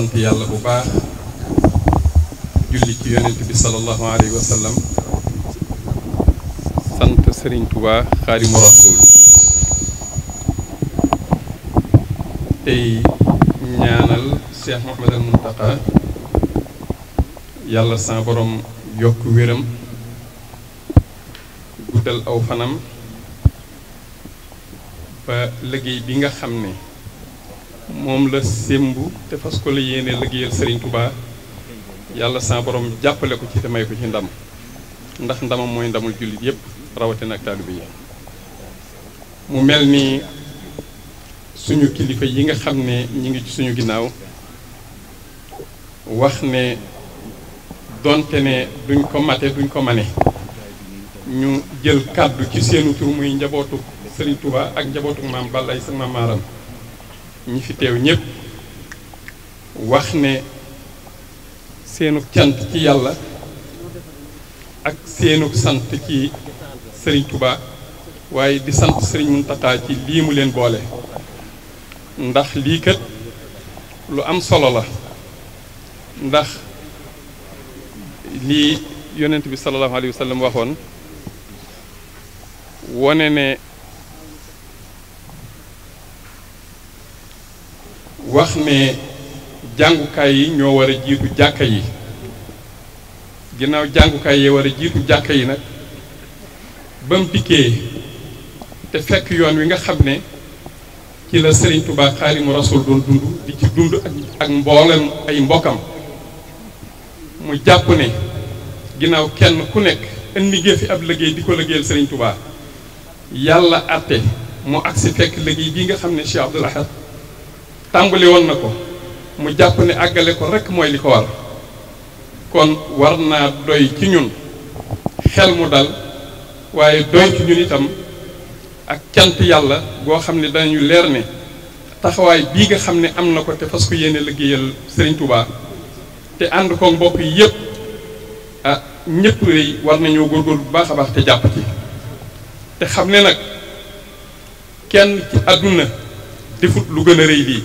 sant yàlla bu baax julli ci yonent bi sallallahu alayhi wa sallam sant Serigne Touba Xaadimu Rasuul tey ñaanal Cheikh Mouhamad al Muntaqa yàlla sa borom yokk wéram guddal aw fanam ba liggéey bi nga xam ne moom la sémbu te fas ko la yéene liggéeyal sëriñ tubaa yàlla sa borom jàppale ko ci te may ko ci ndam ndax ndamam mooy ndamul jullit yépp rawatina ak taalibe yi mu mel ni suñu kilifa yi nga xam ne ñi ngi ci suñu ginnaaw wax ne donte ne duñ ko mate duñ ko mane ñu jël kàddu ci seenu tur muy njabootu sëriñ tubaa ak njabootu maam Balla ay sa maam Maaram ñi fi teew ñëpp wax ne seenu cant ci yàlla ak seenu sant ci Serigne Touba waaye di sant sëriñ Mountakha ci lii mu leen boole ndax lii kat lu am solo la ndax lii yonent bi sallallahu alayhi wa waxoon wone ne wax ne jàngukaay yi ñoo war a jiitu jàkka yi ginnaaw jàngukaay yi war a jiitu jàkka yi nag ba mu dikkee te fekk yoon wi nga xam ne ci la Serigne tubaa Xaadimu Rasuul doon dund di ci dund ak ak ay mbokkam mu jàpp ne ginnaaw kenn ku nekk indi nga fi ab liggéey di ko liggéeyal Serigne tubaa yàlla àtte mu agsi fekk liggéey bii nga xam ne Cheikh Abdoul Ahad tàmbali woon na ko mu jàpp ne àggale ko rekk mooy li ko war kon war naa doy ci ñun xel mu dal waaye doy ci ñun itam ak cant yàlla goo xam ne danañu leer ne taxawaay bii nga xam ne am na ko te fas ko yéene liggéeyal Serigne Touba te ànd ko mbokk yi yëpp ah ñëpp rëy war nañoo góorgóorlu bu baax a baax te jàpp ci te xam ne nag kenn ci àdduna defut lu gën a rëy lii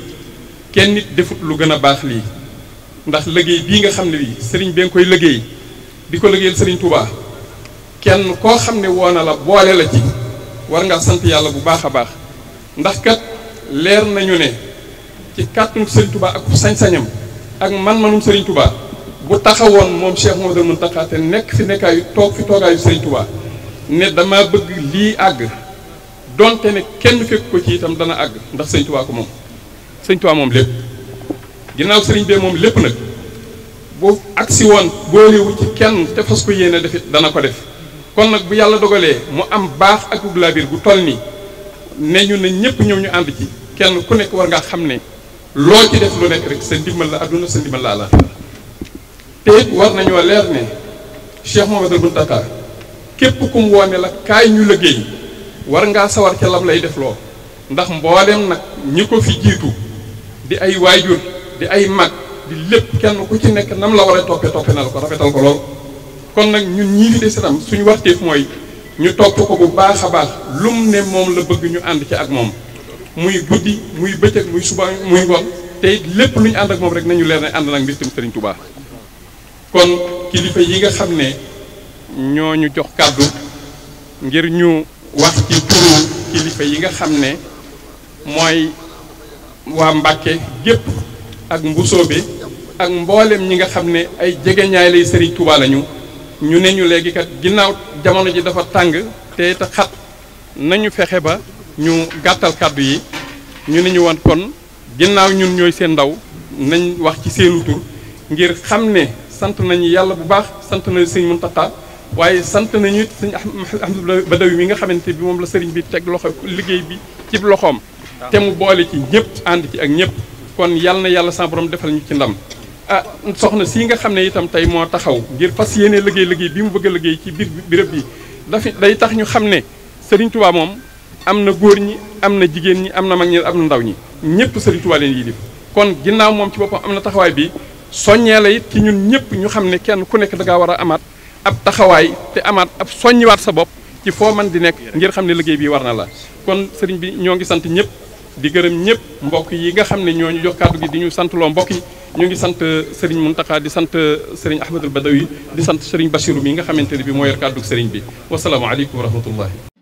kenn nit defut lu gën a baax lii ndax liggéey bii nga xam ne bii sëriñ bi nga koy liggéey bi ko liggéeyal sëriñ Touba kenn koo xam ne woona la boole la ci war nga sant yàlla bu baax a baax ndax kat leer nañu ne ci kàttanu sëriñ Touba ak sañ-sañam ak man-manum sëriñ Touba bu taxawoon moom Cheikh Mouhamadou Mountakha te nekk fi nekkaayu toog fi toogaayu sëriñ Touba ne dama bëgg lii àgg donte ne kenn fekk ko ci itam dana àgg ndax sëriñ Touba ko moom. sëñ Tuubaa moom lépp ginnaaw sëriñ bee moom lépp nag bu agsi woon boolewu ci kenn te fas ko yéene def dana ko def kon nag bu yàlla dogalee mu am baax ak ub laabir gu toll nii ne ñu ne ñëpp ñëw ñu ànd ci kenn ku nekk war nga xam ne loo ci def lu nekk rek sa ndimbal la àdduna sa ndimbal la àllaaxira te it war nañoo leer ne Cheikh Mouhamadoul Mountakha képp ku mu woone la kaay ñu liggéey war ngaa sawar ca lam lay def loo ndax mboolem nag ñi ko fi jiitu. di ay waajur di ay mag di lépp kenn ku ci nekk nam la war a toppe toppe na la ko rafetal ko lool kon nag ñu ñii fi des itam suñu mooy ñu topp ko bu baax a baax lum ne moom la bëgg ñu ànd ci ak moom muy guddi muy bëccëg muy suba muy ngoon te lépp lu ñu ànd ak moom rek nañu leen ne ànd nag mbir tam Sëriñ Tuubaa kon kilifa yi nga xam ne ñoo ñu jox kàddu ngir ñu wax ci turu kilifa yi nga xam ne mooy waa Mbàkke gépp ak bi ak mbooleem ñi nga xam ne ay jegeñaay lay sëriñ Tuubaa ñu ne ñu léegi ginnaaw jamono ji dafa tàng te te xat nañu fexe ba ñu gàttal kàddu yi ñu ne ñu woon kon ginnaaw ñun ñooy seen ndaw nañ wax ci seenu tur ngir xam ne sant nañu yàlla bu baax sant nañu sëñ Muntaxa waaye sant nañu it sëñ Ahmadu Badawi mi nga xamante bi moom la sëriñ bi teg loxo liggéey bi ci loxoom. te mu boole ci ñëpp ànd ci ak ñëpp kon yal na yàlla sa borom defal ñu ci ndam ah soxna si nga xam ne itam tey moo taxaw ngir fas yéene liggéey liggéey bi mu bëgg a liggéey ci biir béréb bi dafa day tax ñu xam ne Serigne Touba moom am na góor ñi am na jigéen ñi am na mag ñi am na ndaw ñi ñëpp Serigne Touba leen yilif kon ginnaaw moom ci boppam am na taxawaay bi soññee la it ci ñun ñëpp ñu xam ne kenn ku nekk da war a amaat ab taxawaay te amaat ab soññiwaat sa bopp ci foo man di nekk ngir xam ne liggéey bi war na la kon sëriñ bi ñoo ngi sant ñëpp. di gërëm ñëpp mbokk yi nga xam ne ñoo ñu jox kàddu gi di ñu sant loo mbokk yi ñu ngi sant Serigne Mountakha di sant Serigne Ahmadul Badawi di sant Serigne Bassirou mi nga xamante ne bi moo yor kàddu Serigne bi wasalaamaaleykum wa rahmatullah